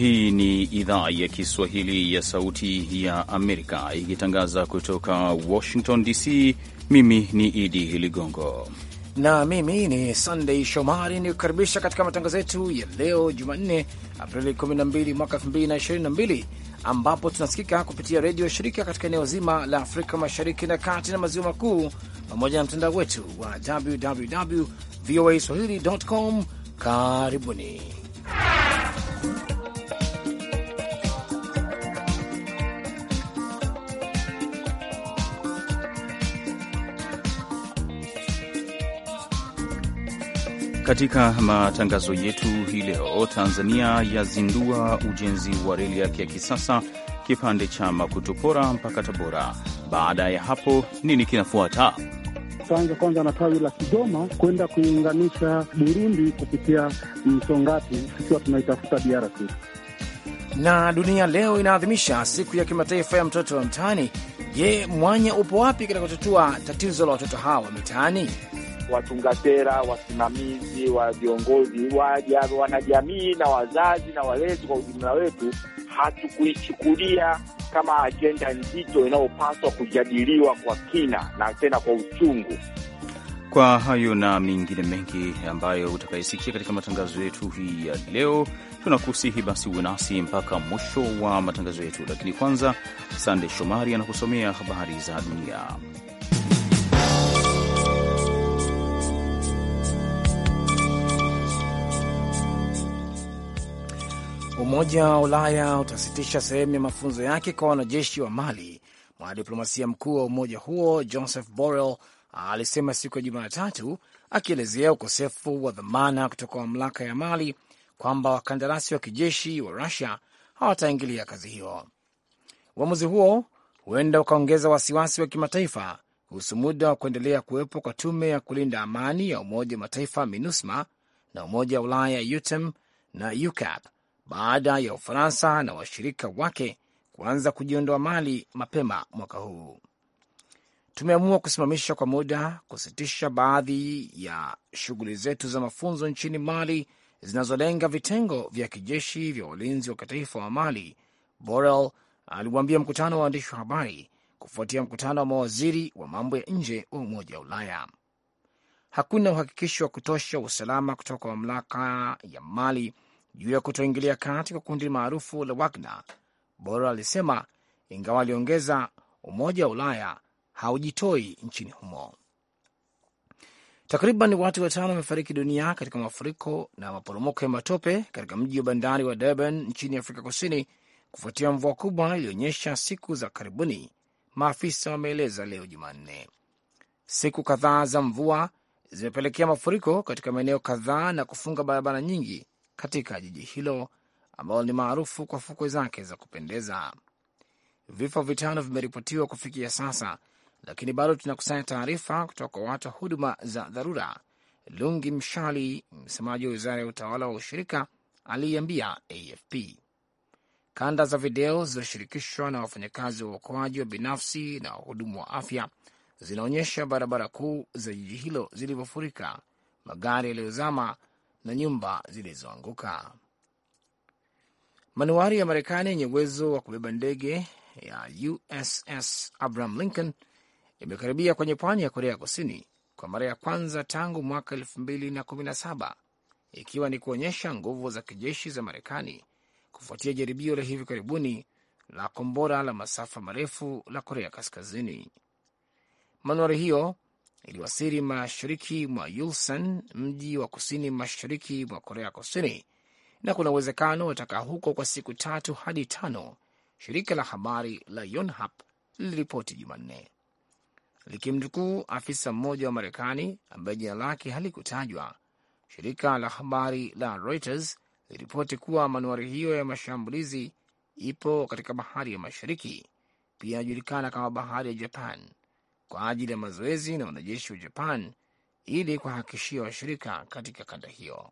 Hii ni idhaa ya Kiswahili ya Sauti ya Amerika ikitangaza kutoka Washington DC. Mimi ni Idi Ligongo na mimi ni sandei Shomari ni kukaribisha katika matangazo yetu ya leo Jumanne, Aprili 12 mwaka 2022 ambapo tunasikika kupitia redio shirika katika eneo zima la Afrika Mashariki na Kati na Maziwa Makuu, pamoja na mtandao wetu wa www voa swahili.com. Karibuni. Katika matangazo yetu hii leo, Tanzania yazindua ujenzi wa reli yake ya kisasa kipande cha Makutupora mpaka Tabora. Baada ya hapo, nini kinafuata? Tutaanza kwanza na tawi la Kigoma kwenda kuunganisha Burundi kupitia Msongati, tukiwa tunaitafuta DRC. Na dunia leo inaadhimisha siku ya kimataifa ya mtoto wa mtaani. Je, mwanya upo wapi katika kutatua tatizo la watoto hawa wa mitaani? watunga sera, wasimamizi wa viongozi, waja wanajamii na wazazi na walezi kwa ujumla wetu, hatukuichukulia kama ajenda nzito inayopaswa kujadiliwa kwa kina na tena kwa uchungu. Kwa hayo na mengine mengi ambayo utakaisikia katika matangazo yetu hii ya leo, tunakusihi basi uwe nasi mpaka mwisho wa matangazo yetu, lakini kwanza, Sande Shomari anakusomea habari za dunia. Umoja wa Ulaya utasitisha sehemu ya mafunzo yake kwa wanajeshi wa Mali. Mwanadiplomasia mkuu wa umoja huo Joseph Borrell alisema siku ya Jumatatu akielezea ukosefu wa dhamana kutoka mamlaka ya Mali kwamba wakandarasi wa kijeshi wa Rusia hawataingilia kazi hiyo. Uamuzi huo huenda ukaongeza wasiwasi wa kimataifa kuhusu muda wa kuendelea kuwepo kwa tume ya kulinda amani ya Umoja wa Mataifa MINUSMA na Umoja wa Ulaya UTEM na UCAP baada ya Ufaransa na washirika wake kuanza kujiondoa Mali mapema mwaka huu. Tumeamua kusimamisha kwa muda, kusitisha baadhi ya shughuli zetu za mafunzo nchini Mali zinazolenga vitengo vya kijeshi vya ulinzi wa kitaifa wa Mali, Borel aliwaambia mkutano wa waandishi wa habari kufuatia mkutano wa mawaziri wa mambo ya nje wa Umoja wa Ulaya. Hakuna uhakikisho wa kutosha usalama kutoka mamlaka ya Mali juu ya kutoingilia kati kwa kundi maarufu la Wagner. bora alisema ingawa aliongeza, Umoja wa Ulaya haujitoi nchini humo. Takriban watu watano wamefariki dunia katika mafuriko na maporomoko ya matope katika mji wa bandari wa Durban nchini Afrika Kusini kufuatia mvua kubwa iliyoonyesha siku za karibuni, maafisa wameeleza leo Jumanne. Siku kadhaa za mvua zimepelekea mafuriko katika maeneo kadhaa na kufunga barabara nyingi katika jiji hilo ambalo ni maarufu kwa fukwe zake za kupendeza. Vifo vitano vimeripotiwa kufikia sasa, lakini bado tunakusanya taarifa kutoka kwa watu wa huduma za dharura. Lungi Mshali, msemaji wa wizara ya utawala wa ushirika, aliiambia AFP kanda za video zilizoshirikishwa na wafanyakazi wa uokoaji wa binafsi na wahudumu wa afya zinaonyesha barabara kuu za jiji hilo zilivyofurika, magari yaliyozama na nyumba zilizoanguka. Manuari ya Marekani yenye uwezo wa kubeba ndege ya USS Abraham Lincoln imekaribia kwenye pwani ya Korea Kusini kwa mara ya kwanza tangu mwaka 2017 ikiwa ni kuonyesha nguvu za kijeshi za Marekani kufuatia jaribio la hivi karibuni la kombora la masafa marefu la Korea Kaskazini. Manuari hiyo iliwasiri mashariki mwa Yulsan, mji wa kusini mashariki mwa Korea Kusini, na kuna uwezekano watakaa huko kwa siku tatu hadi tano, shirika la habari la Yonhap liliripoti Jumanne likimnukuu afisa mmoja wa Marekani ambaye jina lake halikutajwa. Shirika la habari la Reuters liliripoti kuwa manuari hiyo ya mashambulizi ipo katika bahari ya Mashariki, pia inajulikana kama bahari ya Japan kwa ajili ya mazoezi na wanajeshi wa Japan ili kuhakikishia washirika katika kanda hiyo.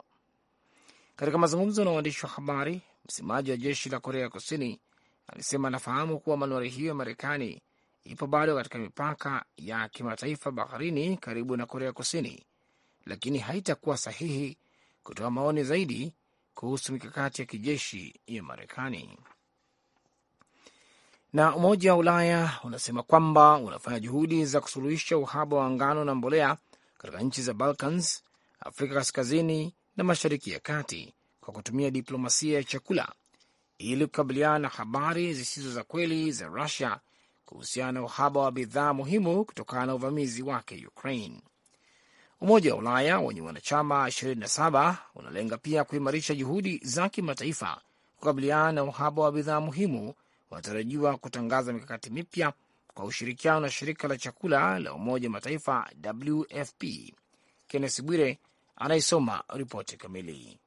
Katika mazungumzo na waandishi wa habari, msemaji wa jeshi la Korea Kusini alisema anafahamu kuwa manuari hiyo ya Marekani ipo bado katika mipaka ya kimataifa baharini karibu na Korea Kusini, lakini haitakuwa sahihi kutoa maoni zaidi kuhusu mikakati ya kijeshi ya Marekani na Umoja wa Ulaya unasema kwamba unafanya juhudi za kusuluhisha uhaba wa ngano na mbolea katika nchi za Balkans, Afrika Kaskazini na Mashariki ya Kati kwa kutumia diplomasia ya chakula ili kukabiliana na habari zisizo za kweli za Rusia kuhusiana na uhaba wa bidhaa muhimu kutokana na uvamizi wake Ukraine. Umoja wa Ulaya wenye wanachama 27 unalenga pia kuimarisha juhudi za kimataifa kukabiliana na uhaba wa bidhaa muhimu wanatarajiwa kutangaza mikakati mipya kwa ushirikiano na shirika la chakula la Umoja wa Mataifa WFP. Kennes Bwire anaisoma ripoti kamili.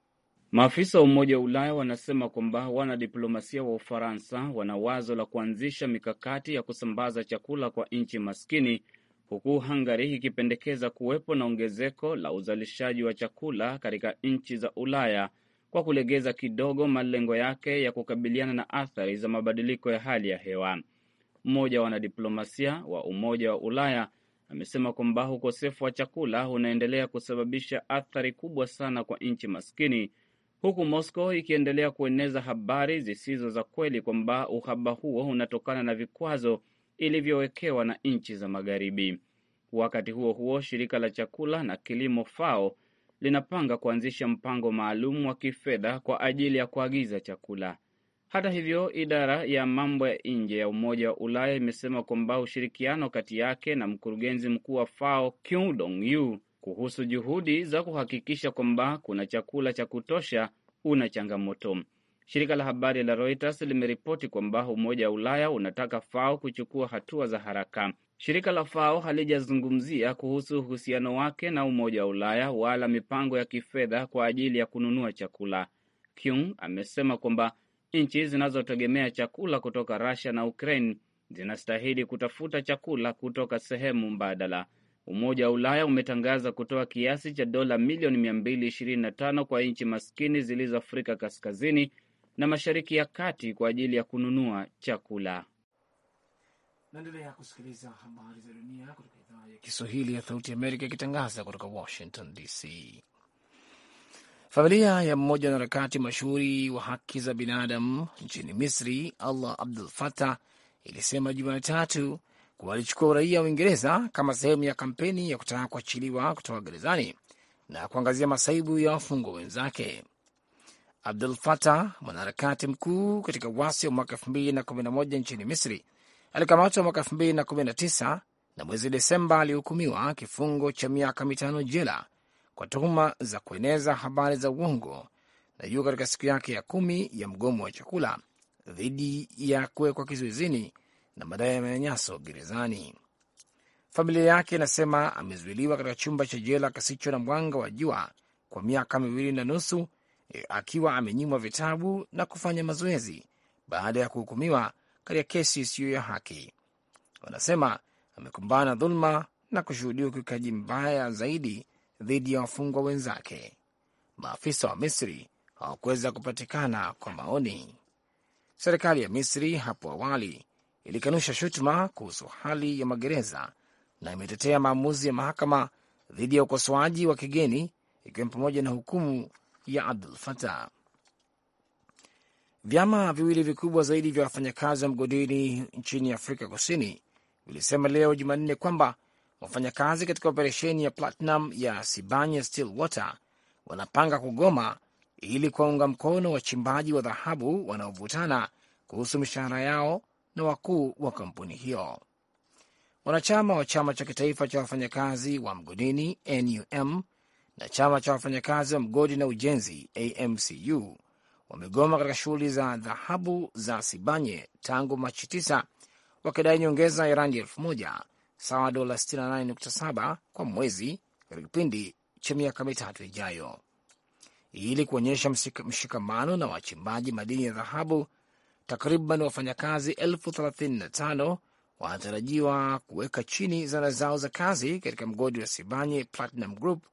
Maafisa wa Umoja wa Ulaya wanasema kwamba wanadiplomasia wa Ufaransa wana wazo la kuanzisha mikakati ya kusambaza chakula kwa nchi maskini, huku Hungary ikipendekeza kuwepo na ongezeko la uzalishaji wa chakula katika nchi za Ulaya kwa kulegeza kidogo malengo yake ya kukabiliana na athari za mabadiliko ya hali ya hewa. Mmoja wa wanadiplomasia wa Umoja wa Ulaya amesema kwamba ukosefu wa chakula unaendelea kusababisha athari kubwa sana kwa nchi maskini, huku Moscow ikiendelea kueneza habari zisizo za kweli kwamba uhaba huo unatokana na vikwazo ilivyowekewa na nchi za Magharibi. Wakati huo huo, shirika la chakula na kilimo FAO linapanga kuanzisha mpango maalum wa kifedha kwa ajili ya kuagiza chakula. Hata hivyo, idara ya mambo ya nje ya Umoja wa Ulaya imesema kwamba ushirikiano kati yake na mkurugenzi mkuu wa FAO Kyudong Yu kuhusu juhudi za kuhakikisha kwamba kuna chakula cha kutosha una changamoto. Shirika la habari la Reuters limeripoti kwamba Umoja wa Ulaya unataka FAO kuchukua hatua za haraka. Shirika la FAO halijazungumzia kuhusu uhusiano wake na Umoja wa Ulaya wala mipango ya kifedha kwa ajili ya kununua chakula. Kyung amesema kwamba nchi zinazotegemea chakula kutoka rusia na Ukraine zinastahili kutafuta chakula kutoka sehemu mbadala. Umoja wa Ulaya umetangaza kutoa kiasi cha dola milioni 225 kwa nchi maskini zilizo Afrika kaskazini na mashariki ya kati kwa ajili ya kununua chakula. Naendelea kusikiliza habari za dunia kutoka idhaa ya Kiswahili ya Sauti Amerika ikitangaza kutoka Washington DC. Familia ya mmoja wanaharakati mashuhuri wa haki za binadamu nchini Misri, Allah Abdul Fatah, ilisema Jumatatu kuwa alichukua uraia wa Uingereza kama sehemu ya kampeni ya kutaka kuachiliwa kutoka gerezani na kuangazia masaibu ya wafungwa wenzake. Abdul Fatah, mwanaharakati mkuu katika wasi wa mwaka elfu mbili na kumi na moja nchini Misri, Alikamatwa mwaka 2019 na mwezi Desemba alihukumiwa kifungo cha miaka mitano jela kwa tuhuma za kueneza habari za uongo na juu katika siku yake ya kumi ya mgomo wa chakula dhidi ya kuwekwa kizuizini na madai ya manyanyaso gerezani. Familia yake inasema amezuiliwa katika chumba cha jela kasicho na mwanga wa jua kwa miaka miwili na nusu, e, akiwa amenyimwa vitabu na kufanya mazoezi baada ya kuhukumiwa katika kesi isiyo ya haki. Wanasema amekumbana na dhuluma na kushuhudia ukiukaji mbaya zaidi dhidi ya wafungwa wenzake. Maafisa wa Misri hawakuweza kupatikana kwa maoni. Serikali ya Misri hapo awali ilikanusha shutuma kuhusu hali ya magereza na imetetea maamuzi ya mahakama dhidi ya ukosoaji wa kigeni, ikiwemo pamoja na hukumu ya Abdul Fatah. Vyama viwili vikubwa zaidi vya wafanyakazi wa mgodini nchini Afrika Kusini vilisema leo Jumanne kwamba wafanyakazi katika operesheni ya Platinum ya Sibanye Stillwater wanapanga kugoma ili kuwaunga mkono wachimbaji wa dhahabu wanaovutana kuhusu mishahara yao na wakuu wa kampuni hiyo. Wanachama wa chama cha kitaifa cha wafanyakazi wa mgodini NUM na chama cha wafanyakazi wa mgodi na ujenzi AMCU wamegoma katika shughuli za dhahabu za Sibanye tangu Machi 9 wakidai nyongeza ya randi elfu moja sawa dola 68.7 kwa mwezi katika kipindi cha miaka mitatu ijayo. Ili kuonyesha mshikamano na wachimbaji madini ya dhahabu, takriban wafanyakazi elfu wanatarajiwa kuweka chini zana zao za kazi katika mgodi wa Sibanye Platinum Group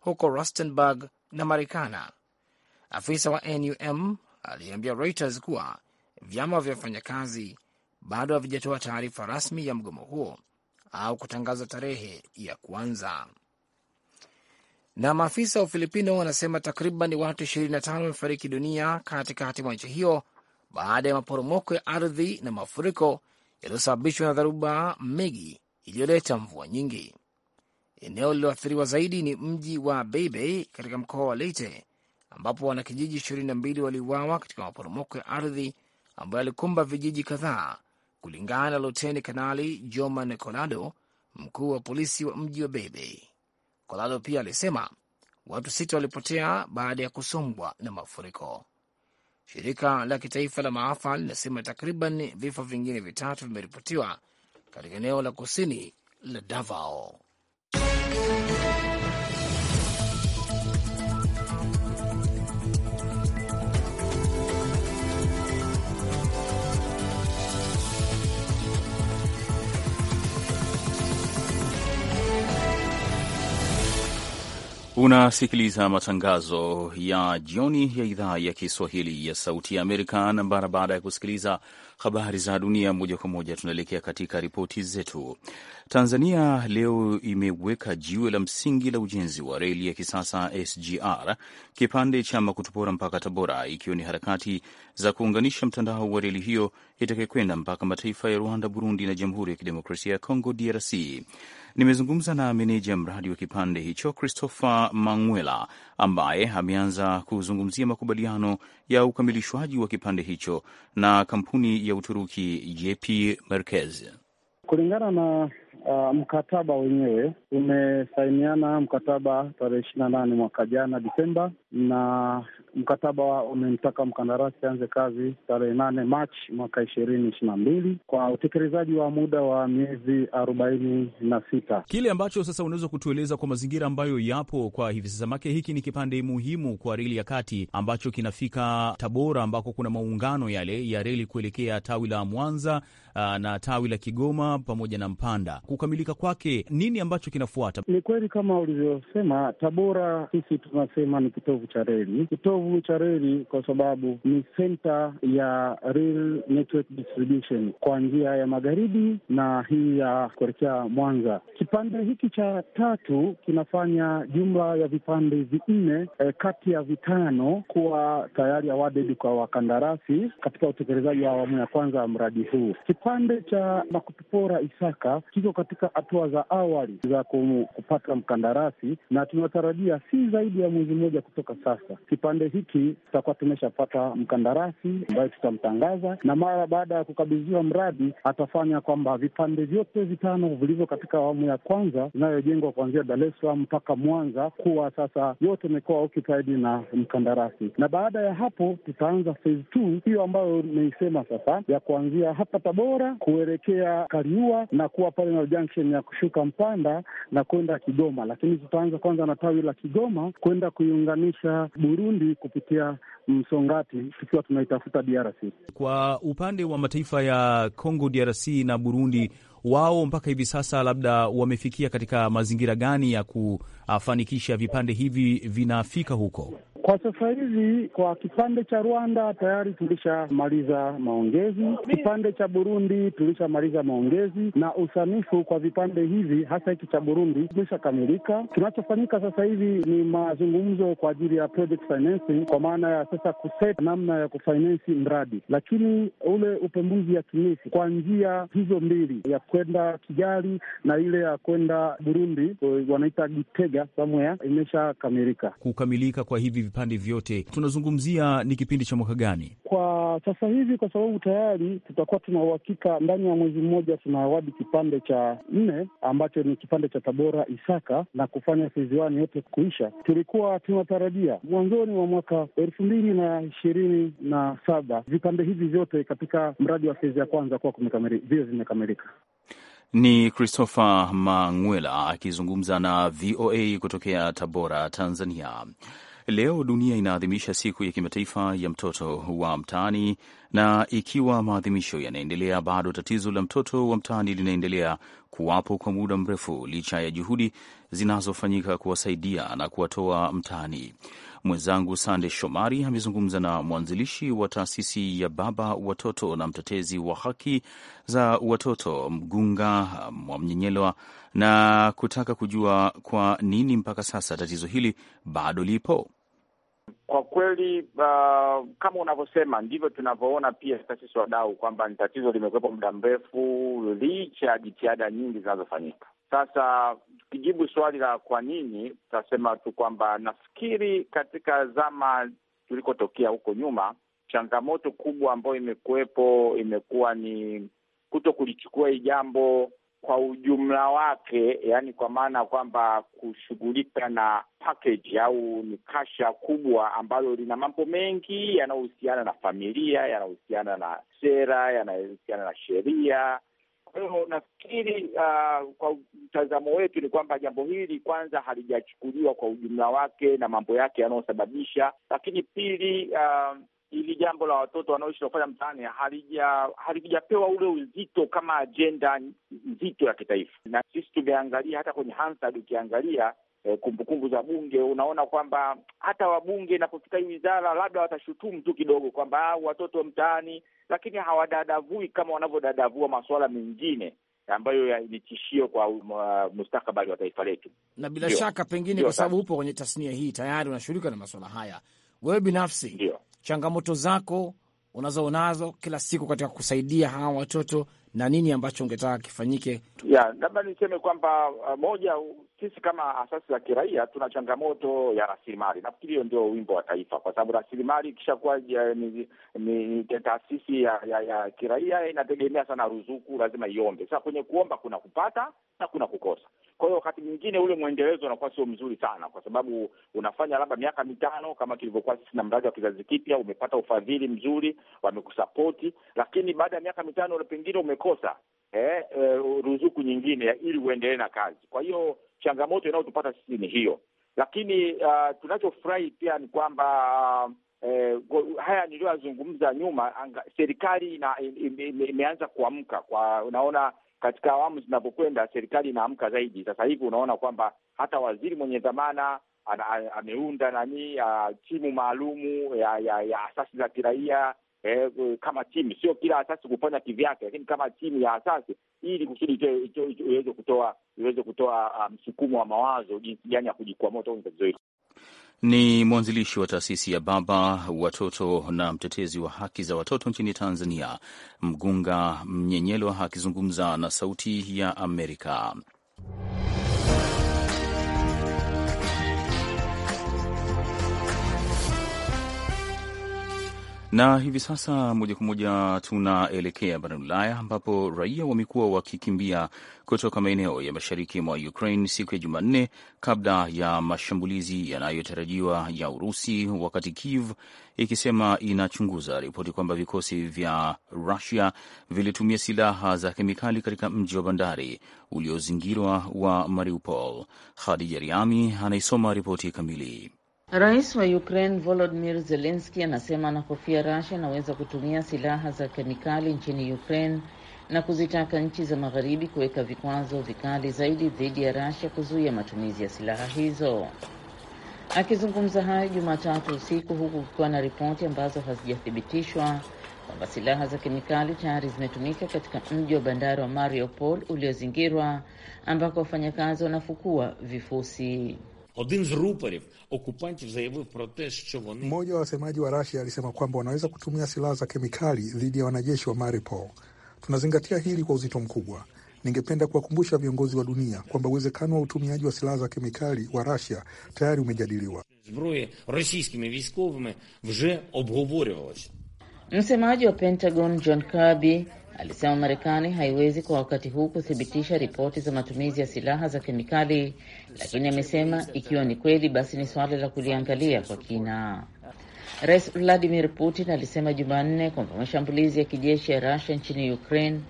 huko Rustenburg na Marikana Afisa wa NUM aliambia Reuters kuwa vyama vya wafanyakazi bado havijatoa taarifa rasmi ya mgomo huo au kutangaza tarehe ya kuanza. Na maafisa wa Ufilipino wanasema takriban watu 25 wamefariki dunia katikati mwa nchi hiyo baada ya maporomoko ya ardhi na mafuriko yaliyosababishwa na dharuba Megi iliyoleta mvua nyingi. Eneo lililoathiriwa zaidi ni mji wa Beibei katika mkoa wa Leyte ambapo wanakijiji ishirini na mbili waliuawa katika maporomoko ya ardhi ambayo yalikumba vijiji kadhaa, kulingana na luteni kanali Joman Colado, mkuu wa polisi wa mji wa Bebe. Colado pia alisema watu sita walipotea baada ya kusombwa na mafuriko. Shirika la kitaifa la maafa linasema takriban vifo vingine vitatu vimeripotiwa katika eneo la kusini la Davao. Unasikiliza matangazo ya jioni ya idhaa ya Kiswahili ya Sauti ya Amerika, na mara baada ya kusikiliza habari za dunia moja kwa moja, tunaelekea katika ripoti zetu. Tanzania leo imeweka jiwe la msingi la ujenzi wa reli ya kisasa SGR kipande cha Makutupora mpaka Tabora, ikiwa ni harakati za kuunganisha mtandao wa reli hiyo itakayokwenda mpaka mataifa ya Rwanda, Burundi na Jamhuri ya Kidemokrasia ya Kongo, DRC. Nimezungumza na meneja mradi wa kipande hicho Christopher Mangwela ambaye ameanza kuzungumzia makubaliano ya ukamilishwaji wa kipande hicho na kampuni ya Uturuki JP Merkez. Kulingana na uh, mkataba wenyewe, tumesainiana mkataba tarehe ishirini na nane mwaka jana Desemba, na mkataba umemtaka mkandarasi aanze kazi tarehe nane Machi mwaka ishirini ishiri na mbili kwa utekelezaji wa muda wa miezi arobaini na sita. Kile ambacho sasa unaweza kutueleza kwa mazingira ambayo yapo kwa hivi sasa, make hiki ni kipande muhimu kwa reli ya kati ambacho kinafika Tabora ambako kuna maungano yale ya reli kuelekea tawi la Mwanza na tawi la Kigoma pamoja na Mpanda. Kukamilika kwake, nini ambacho kinafuata? Ni kweli kama ulivyosema, Tabora sisi tunasema ni kitovu kitovu cha reli. Kitovu cha reli kwa sababu ni senta ya rail network distribution kwa njia ya magharibi na hii ya kuelekea Mwanza. Kipande hiki cha tatu kinafanya jumla ya vipande vinne eh, kati ya vitano kuwa tayari awarded kwa wakandarasi katika utekelezaji wa awamu ya kwanza ya mradi huu. Kipande cha Makutupora Isaka kiko katika hatua za awali za kupata mkandarasi na tunatarajia si zaidi ya mwezi mmoja kutoka kutoka sasa. Kipande hiki tutakuwa tumeshapata mkandarasi ambaye tutamtangaza, na mara baada ya kukabidhiwa mradi atafanya kwamba vipande vyote vitano vilivyo katika awamu ya kwanza inayojengwa kuanzia Dar es Salaam mpaka Mwanza kuwa sasa yote imekuwa occupied na mkandarasi, na baada ya hapo tutaanza phase two hiyo ambayo imeisema sasa ya kuanzia hapa Tabora kuelekea Kaliua na kuwa pale na junction ya kushuka Mpanda na kwenda Kigoma, lakini tutaanza kwanza na tawi la Kigoma kwenda kuiunganisha kuiunganisha Burundi kupitia Msongati tukiwa tunaitafuta DRC. Kwa upande wa mataifa ya Congo DRC na Burundi wao mpaka hivi sasa labda wamefikia katika mazingira gani ya kufanikisha vipande hivi vinafika huko? Kwa sasa hivi kwa kipande cha Rwanda tayari tulishamaliza maongezi, kipande cha Burundi tulishamaliza maongezi, na usanifu kwa vipande hivi hasa hiki cha Burundi kimeshakamilika. Kinachofanyika sasa hivi ni mazungumzo kwa ajili ya project financing, kwa maana ya sasa kuset namna ya kufinansi mradi, lakini ule upembuzi ya kinifu kwa njia hizo mbili ya kwenda Kigali na ile ya kwenda Burundi wanaita Gitega somewhere imeshakamilika. Kukamilika kwa hivi vipande vyote tunazungumzia ni kipindi cha mwaka gani kwa sasa hivi? Kwa sababu tayari tutakuwa tuna uhakika ndani ya mwezi mmoja tuna awadi kipande cha nne ambacho ni kipande cha Tabora Isaka na kufanya feziwani yote kuisha. Tulikuwa tunatarajia mwanzoni mwa mwaka elfu mbili na ishirini na saba vipande hivi vyote katika mradi wa fezi ya kwanza kuwa vio vimekamilika. Ni Christopher Mangwela akizungumza na VOA kutokea Tabora, Tanzania. Leo dunia inaadhimisha siku ya kimataifa ya mtoto wa mtaani, na ikiwa maadhimisho yanaendelea, bado tatizo la mtoto wa mtaani linaendelea kuwapo kwa muda mrefu, licha ya juhudi zinazofanyika kuwasaidia na kuwatoa mtaani. Mwenzangu Sande Shomari amezungumza na mwanzilishi wa taasisi ya Baba Watoto na mtetezi wa haki za watoto Mgunga Mwamnyenyelwa na kutaka kujua kwa nini mpaka sasa tatizo hili bado lipo. Kwa kweli uh, kama unavyosema ndivyo tunavyoona pia sisi wadau kwamba ni tatizo limekuwepo muda mrefu, licha ya jitihada nyingi zinazofanyika. Sasa tukijibu swali la kwa nini, tutasema tu kwamba nafikiri katika zama tulikotokea huko nyuma, changamoto kubwa ambayo imekuwepo imekuwa ni kuto kulichukua hii jambo kwa ujumla wake, yaani kwa maana ya kwamba kushughulika na package au ni kasha kubwa ambalo lina mambo mengi yanayohusiana na familia, yanayohusiana na sera, yanayohusiana na sheria kwa hiyo nafikiri uh, kwa mtazamo wetu ni kwamba jambo hili kwanza halijachukuliwa kwa ujumla wake na mambo yake yanayosababisha, lakini pili uh, hili jambo la watoto wanaoishi na kufanya mtaani halijapewa ule uzito kama ajenda nzito ya kitaifa, na sisi tumeangalia hata kwenye Hansard ukiangalia eh, kumbukumbu za bunge unaona kwamba hata wabunge inapofika hii wizara labda watashutumu tu kidogo kwamba ah, watoto mtaani lakini hawadadavui kama wanavyodadavua masuala mengine ambayo ni tishio kwa uh, mustakabali wa taifa letu. Na bila Dio. shaka pengine kwa sababu upo kwenye tasnia hii tayari unashughulika na masuala haya, wewe binafsi Dio. changamoto zako unazoonazo kila siku katika kusaidia hawa watoto na nini ambacho ungetaka kifanyike? Yeah, labda niseme kwamba uh, moja, sisi kama asasi za kiraia tuna changamoto ya rasilimali. Nafikiri hiyo ndio wimbo wa taifa, kwa sababu rasilimali ikishakuwa uh, ni, ni taasisi ya, ya, ya kiraia inategemea sana ruzuku, lazima iombe. Sasa kwenye kuomba kuna kupata na kuna kukosa kwa hiyo wakati mwingine ule mwendelezo unakuwa sio mzuri sana, kwa sababu unafanya labda miaka mitano kama tulivyokuwa sisi na mradi wa kizazi kipya, umepata ufadhili mzuri, wamekusapoti, lakini baada ya miaka mitano pengine umekosa eh, eh, ruzuku nyingine ili uendelee na kazi. Kwa hiyo changamoto inayotupata sisi ni hiyo, lakini uh, tunachofurahi pia ni kwamba uh, Eh, haya niliyoyazungumza nyuma, serikali imeanza kuamka kwa, unaona katika awamu zinapokwenda serikali inaamka zaidi. Sasa hivi unaona kwamba hata waziri mwenye dhamana ameunda nani timu maalumu ya, ya, ya asasi za kiraia eh, kama timu, sio kila asasi kufanya kivyake, lakini kama timu ya asasi ili kusudi iweze kutoa iweze kutoa msukumo um, wa mawazo jinsi gani ya kujikwamua tatizo hili ni mwanzilishi wa taasisi ya Baba Watoto na mtetezi wa haki za watoto nchini Tanzania. Mgunga Mnyenyelwa akizungumza na Sauti ya Amerika. Na hivi sasa moja kwa moja tunaelekea barani Ulaya ambapo raia wamekuwa wakikimbia kutoka maeneo ya mashariki mwa Ukraine siku ya Jumanne kabla ya mashambulizi yanayotarajiwa ya Urusi, wakati Kiev ikisema inachunguza ripoti kwamba vikosi vya Rusia vilitumia silaha za kemikali katika mji wa bandari uliozingirwa wa Mariupol. Khadija Riami anaisoma ripoti kamili. Rais wa Ukraine Volodymyr Zelensky anasema anahofia Russia inaweza kutumia silaha za kemikali nchini Ukraine na kuzitaka nchi za magharibi kuweka vikwazo vikali zaidi dhidi ya Russia kuzuia matumizi ya silaha hizo. Akizungumza hayo Jumatatu usiku huku kukiwa na ripoti ambazo hazijathibitishwa kwamba silaha za kemikali tayari zimetumika katika mji wa bandari wa Mariupol uliozingirwa ambako wafanyakazi wanafukua vifusi. Один з рупорів окупантів заявив про те, що вони mmoja wa wasemaji wa Rasia alisema kwamba wanaweza kutumia silaha za kemikali dhidi ya wanajeshi wa Mariupol. Tunazingatia hili kwa uzito mkubwa. Ningependa kuwakumbusha viongozi wa dunia kwamba uwezekano wa utumiaji wa silaha za kemikali wa Rasia tayari umejadiliwa. Zbroye rossiyskimi vyskovymi vzhe обговорювалося. Msemaji wa Pentagon John Kirby alisema Marekani haiwezi kwa wakati huu kuthibitisha ripoti za matumizi ya silaha za kemikali, lakini amesema ikiwa ni kweli, basi ni suala la kuliangalia kwa kina. Rais Vladimir Putin alisema Jumanne kwamba mashambulizi ya kijeshi ya Rusia nchini Ukraine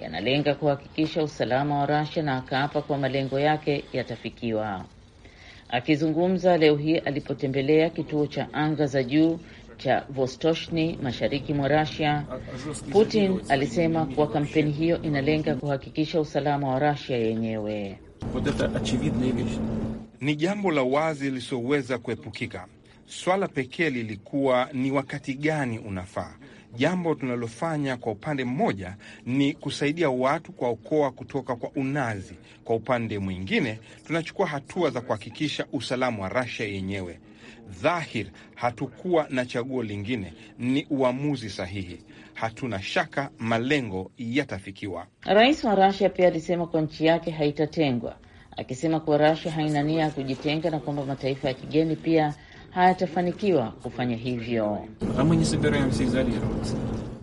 yanalenga kuhakikisha usalama wa Rusia na akaapa kwa malengo yake yatafikiwa. Akizungumza leo hii alipotembelea kituo cha anga za juu cha Vostochny mashariki mwa Rasia, Putin alisema kuwa kampeni hiyo inalenga kuhakikisha usalama wa Rasia yenyewe. Ni jambo la wazi lisoweza kuepukika. Swala pekee lilikuwa ni wakati gani unafaa. Jambo tunalofanya kwa upande mmoja ni kusaidia watu kuwaokoa kutoka kwa unazi, kwa upande mwingine tunachukua hatua za kuhakikisha usalama wa Rasia yenyewe dhahir, hatukuwa na chaguo lingine, ni uamuzi sahihi. Hatuna shaka malengo yatafikiwa. Rais wa Rasia pia alisema kuwa nchi yake haitatengwa, akisema kuwa Rasia haina nia ya kujitenga na kwamba mataifa ya kigeni pia hayatafanikiwa kufanya hivyo.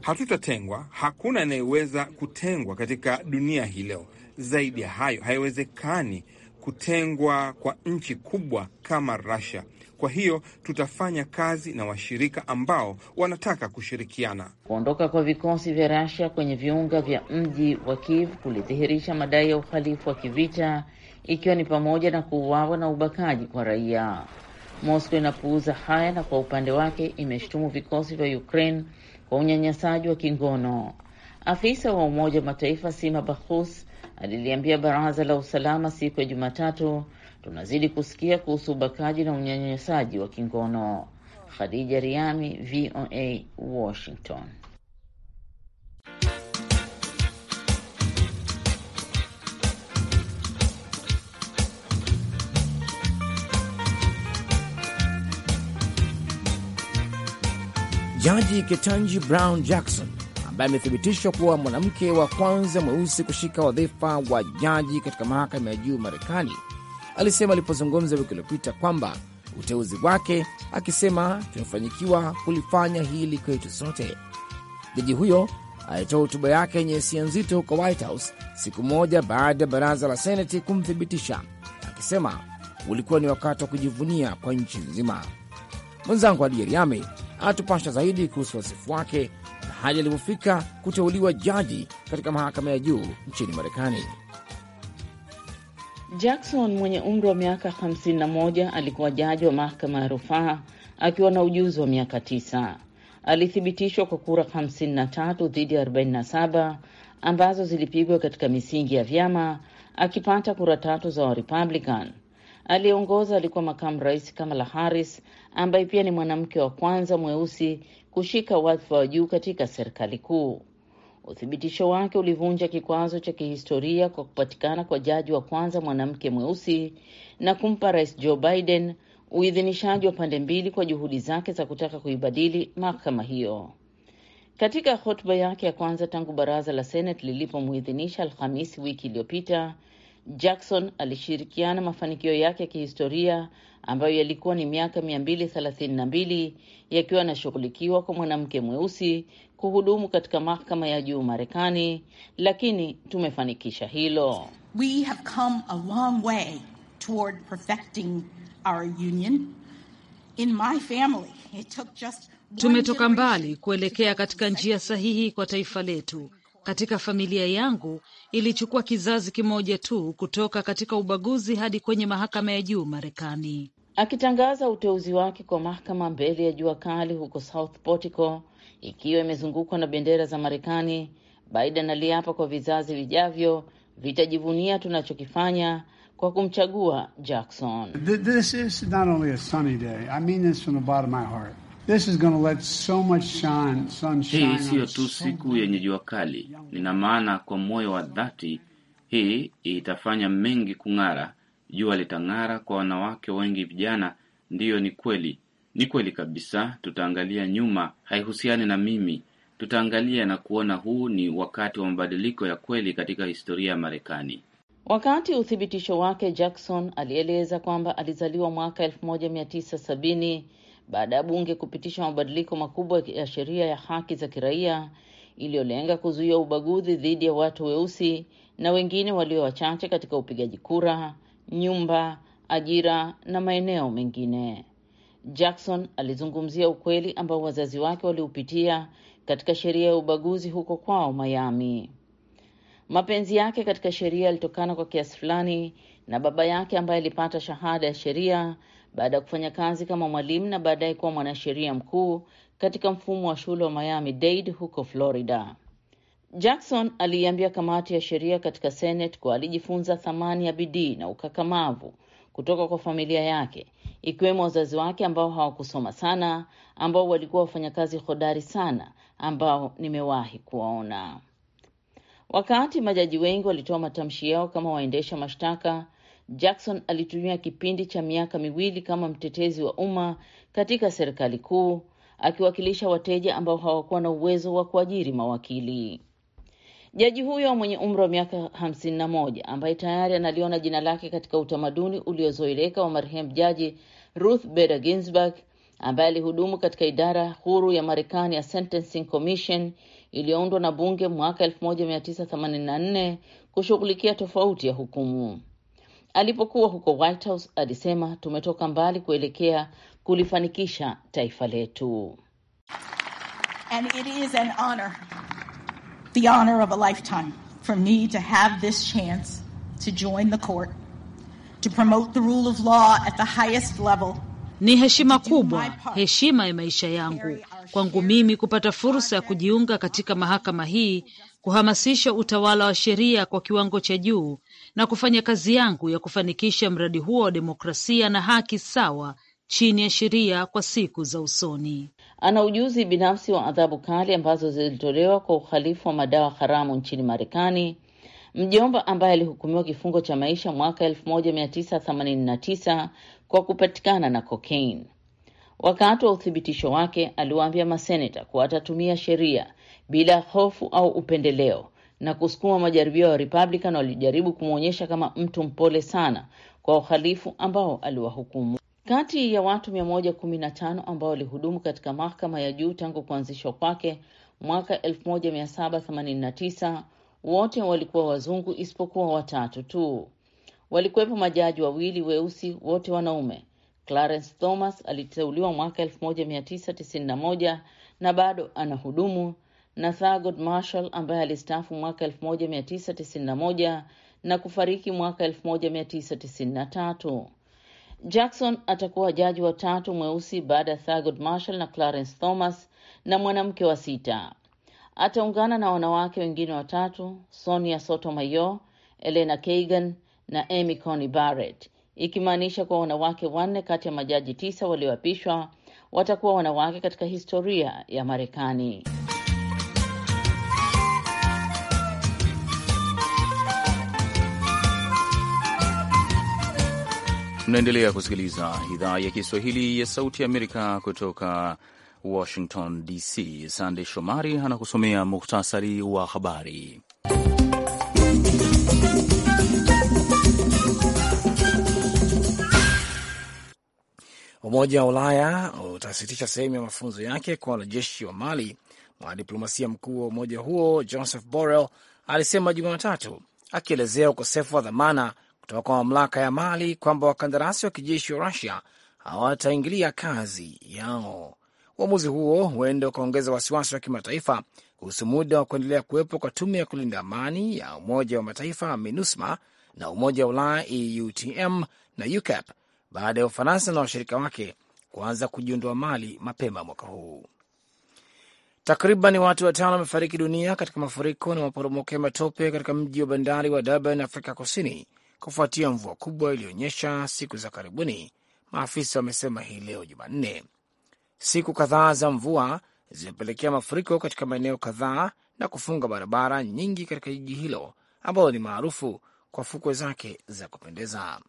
Hatutatengwa, hakuna anayeweza kutengwa katika dunia hii leo. Zaidi ya hayo, haiwezekani kutengwa kwa nchi kubwa kama rasia kwa hiyo tutafanya kazi na washirika ambao wanataka kushirikiana. Kuondoka kwa vikosi vya Russia kwenye viunga vya mji wa Kiev kulidhihirisha madai ya uhalifu wa kivita, ikiwa ni pamoja na kuuawa na ubakaji kwa raia. Moscow inapuuza haya na kwa upande wake imeshutumu vikosi vya Ukraine kwa unyanyasaji wa kingono. Afisa wa Umoja wa Mataifa Sima Bahus aliliambia Baraza la Usalama siku ya Jumatatu tunazidi kusikia kuhusu ubakaji na unyanyasaji wa kingono. Khadija Riami, VOA, Washington. Jaji Ketanji Brown Jackson ambaye amethibitishwa kuwa mwanamke wa kwanza mweusi kushika wadhifa wa jaji katika mahakama ya juu Marekani alisema alipozungumza wiki iliyopita kwamba uteuzi wake, akisema tumefanyikiwa kulifanya hili kwetu sote. Jaji huyo alitoa hotuba yake yenye hisia nzito huko White House siku moja baada ya baraza la Seneti kumthibitisha, akisema ulikuwa ni wakati wa kujivunia kwa nchi nzima. Mwenzangu Adi Yeriami anatupasha zaidi kuhusu wasifu wake na hali alipofika kuteuliwa jaji katika mahakama ya juu nchini Marekani. Jackson mwenye umri wa miaka 51 alikuwa jaji wa mahakama ya rufaa akiwa na ujuzi wa miaka 9. Alithibitishwa kwa kura 53 dhidi ya 47 ambazo zilipigwa katika misingi ya vyama, akipata kura tatu za Warepublican. Aliyeongoza alikuwa makamu rais Kamala Harris, ambaye pia ni mwanamke wa kwanza mweusi kushika wadhifa wa juu katika serikali kuu. Uthibitisho wake ulivunja kikwazo cha kihistoria kwa kupatikana kwa jaji wa kwanza mwanamke mweusi na kumpa Rais Joe Biden uidhinishaji wa pande mbili kwa juhudi zake za kutaka kuibadili mahakama hiyo. Katika hotuba yake ya kwanza tangu baraza la Senate lilipomuidhinisha Alhamisi wiki iliyopita, Jackson alishirikiana mafanikio yake ya kihistoria ambayo yalikuwa ni miaka mia mbili thelathini na mbili yakiwa yanashughulikiwa kwa mwanamke mweusi kuhudumu katika mahakama ya juu Marekani, lakini tumefanikisha hilo. We have come a long way toward perfecting our union. In my family, it took just tumetoka mbali kuelekea katika njia sahihi kwa taifa letu. Katika familia yangu ilichukua kizazi kimoja tu kutoka katika ubaguzi hadi kwenye mahakama ya juu Marekani akitangaza uteuzi wake kwa mahakama mbele ya jua kali huko South Portico ikiwa imezungukwa na bendera za Marekani. Biden aliapa kwa vizazi vijavyo vitajivunia tunachokifanya kwa kumchagua Jackson. This is not only a sunny day. I mean this from the bottom of my heart. This is going to let so much shine, Hii siyo tu siku yenye jua kali, nina maana kwa moyo wa dhati, hii itafanya mengi kung'ara Jua litang'ara kwa wanawake wengi vijana. Ndiyo, ni kweli, ni kweli kabisa. Tutaangalia nyuma, haihusiani na mimi. Tutaangalia na kuona huu ni wakati wa mabadiliko ya kweli katika historia ya Marekani. Wakati uthibitisho wake, Jackson alieleza kwamba alizaliwa mwaka 1970 baada ya bunge kupitisha mabadiliko makubwa ya sheria ya haki za kiraia iliyolenga kuzuia ubaguzi dhidi ya watu weusi na wengine walio wachache katika upigaji kura nyumba, ajira na maeneo mengine. Jackson alizungumzia ukweli ambao wazazi wake waliupitia katika sheria ya ubaguzi huko kwao Miami. Mapenzi yake katika sheria yalitokana kwa kiasi fulani na baba yake ambaye alipata shahada ya sheria baada ya kufanya kazi kama mwalimu na baadaye kuwa mwanasheria mkuu katika mfumo wa shule wa Miami Dade huko Florida. Jackson aliiambia kamati ya sheria katika Senate kuwa alijifunza thamani ya bidii na ukakamavu kutoka kwa familia yake, ikiwemo wazazi wake ambao hawakusoma sana, ambao walikuwa wafanyakazi hodari sana, ambao nimewahi kuwaona. Wakati majaji wengi walitoa matamshi yao kama waendesha mashtaka, Jackson alitumia kipindi cha miaka miwili kama mtetezi wa umma katika serikali kuu, akiwakilisha wateja ambao hawakuwa na uwezo wa kuajiri mawakili. Jaji huyo mwenye umri wa miaka 51 na moja ambaye tayari analiona jina lake katika utamaduni uliozoeleka wa marehemu Jaji Ruth Bader Ginsburg ambaye alihudumu katika idara huru ya Marekani ya Sentencing Commission iliyoundwa na bunge mwaka 1984 kushughulikia tofauti ya hukumu. Alipokuwa huko White House alisema, tumetoka mbali kuelekea kulifanikisha taifa letu. And it is an honor the honor of a lifetime for me to have this chance to join the court, to promote the rule of law at the highest level. Ni heshima kubwa, heshima ya maisha yangu kwangu mimi kupata fursa ya kujiunga katika mahakama hii, kuhamasisha utawala wa sheria kwa kiwango cha juu na kufanya kazi yangu ya kufanikisha mradi huo wa demokrasia na haki sawa chini ya sheria kwa siku za usoni ana ujuzi binafsi wa adhabu kali ambazo zilitolewa kwa uhalifu wa madawa haramu nchini Marekani. Mjomba ambaye alihukumiwa kifungo cha maisha mwaka 1989 kwa kupatikana na cocaine. Wakati wa uthibitisho wake, aliwaambia maseneta kuwa atatumia sheria bila hofu au upendeleo na kusukuma majaribio ya Republican walijaribu kumwonyesha kama mtu mpole sana kwa uhalifu ambao aliwahukumu. Kati ya watu 115 ambao walihudumu katika mahakama ya juu tangu kuanzishwa kwake mwaka 1789 wote walikuwa wazungu isipokuwa watatu tu. Walikuwepo majaji wawili weusi, wote wanaume. Clarence Thomas aliteuliwa mwaka 1991 na bado anahudumu, na Thurgood Marshall ambaye alistaafu mwaka 1991 na kufariki mwaka 1993. Jackson atakuwa jaji wa tatu mweusi baada ya Thurgood Marshall na Clarence Thomas na mwanamke wa sita. Ataungana na wanawake wengine watatu, Sonia Sotomayor, Elena Kagan na Amy Coney Barrett, ikimaanisha kuwa wanawake wanne kati ya majaji tisa walioapishwa watakuwa wanawake katika historia ya Marekani. Mnaendelea kusikiliza idhaa ya Kiswahili ya Sauti ya Amerika kutoka Washington DC. Sandey Shomari anakusomea muhtasari wa habari. Umoja wa Ulaya utasitisha sehemu ya mafunzo yake kwa wanajeshi wa Mali. Mwanadiplomasia mkuu wa umoja huo Joseph Borrell alisema Jumatatu, akielezea ukosefu wa dhamana kutoka kwa mamlaka ya Mali kwamba wakandarasi wa kijeshi wa Rusia hawataingilia kazi yao. Uamuzi huo huenda ukaongeza wasiwasi wa kimataifa kuhusu muda wa kuendelea kuwepo kwa tume ya kulinda amani ya Umoja wa Mataifa MINUSMA na Umoja wa Ulaya EUTM na UCAP baada ya Ufaransa na washirika wake kuanza kujiondoa Mali mapema mwaka huu. Takriban watu watano wamefariki dunia katika mafuriko na maporomoko ya matope katika mji wa bandari wa Durban, Afrika Kusini, kufuatia mvua kubwa iliyonyesha siku za karibuni, maafisa wamesema hii leo Jumanne. Siku kadhaa za mvua zimepelekea mafuriko katika maeneo kadhaa na kufunga barabara nyingi katika jiji hilo ambalo ni maarufu kwa fukwe zake za kupendeza.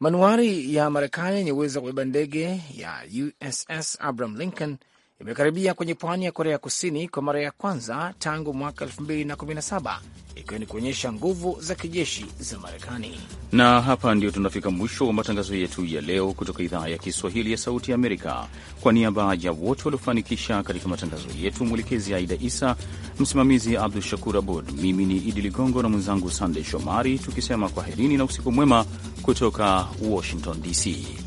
Manuari ya Marekani yenye uwezo wa kubeba ndege ya USS Abraham Lincoln imekaribia kwenye pwani ya Korea Kusini kwa mara ya kwanza tangu mwaka 2017 ikiwa ni kuonyesha nguvu za kijeshi za Marekani. Na hapa ndio tunafika mwisho wa matangazo yetu ya leo kutoka idhaa ya Kiswahili ya Sauti ya Amerika. Kwa niaba ya wote waliofanikisha katika matangazo yetu, mwelekezi Aida Isa, msimamizi Abdu Shakur Abud, mimi ni Idi Ligongo na mwenzangu Sandey Shomari, tukisema kwaherini na usiku mwema kutoka Washington DC.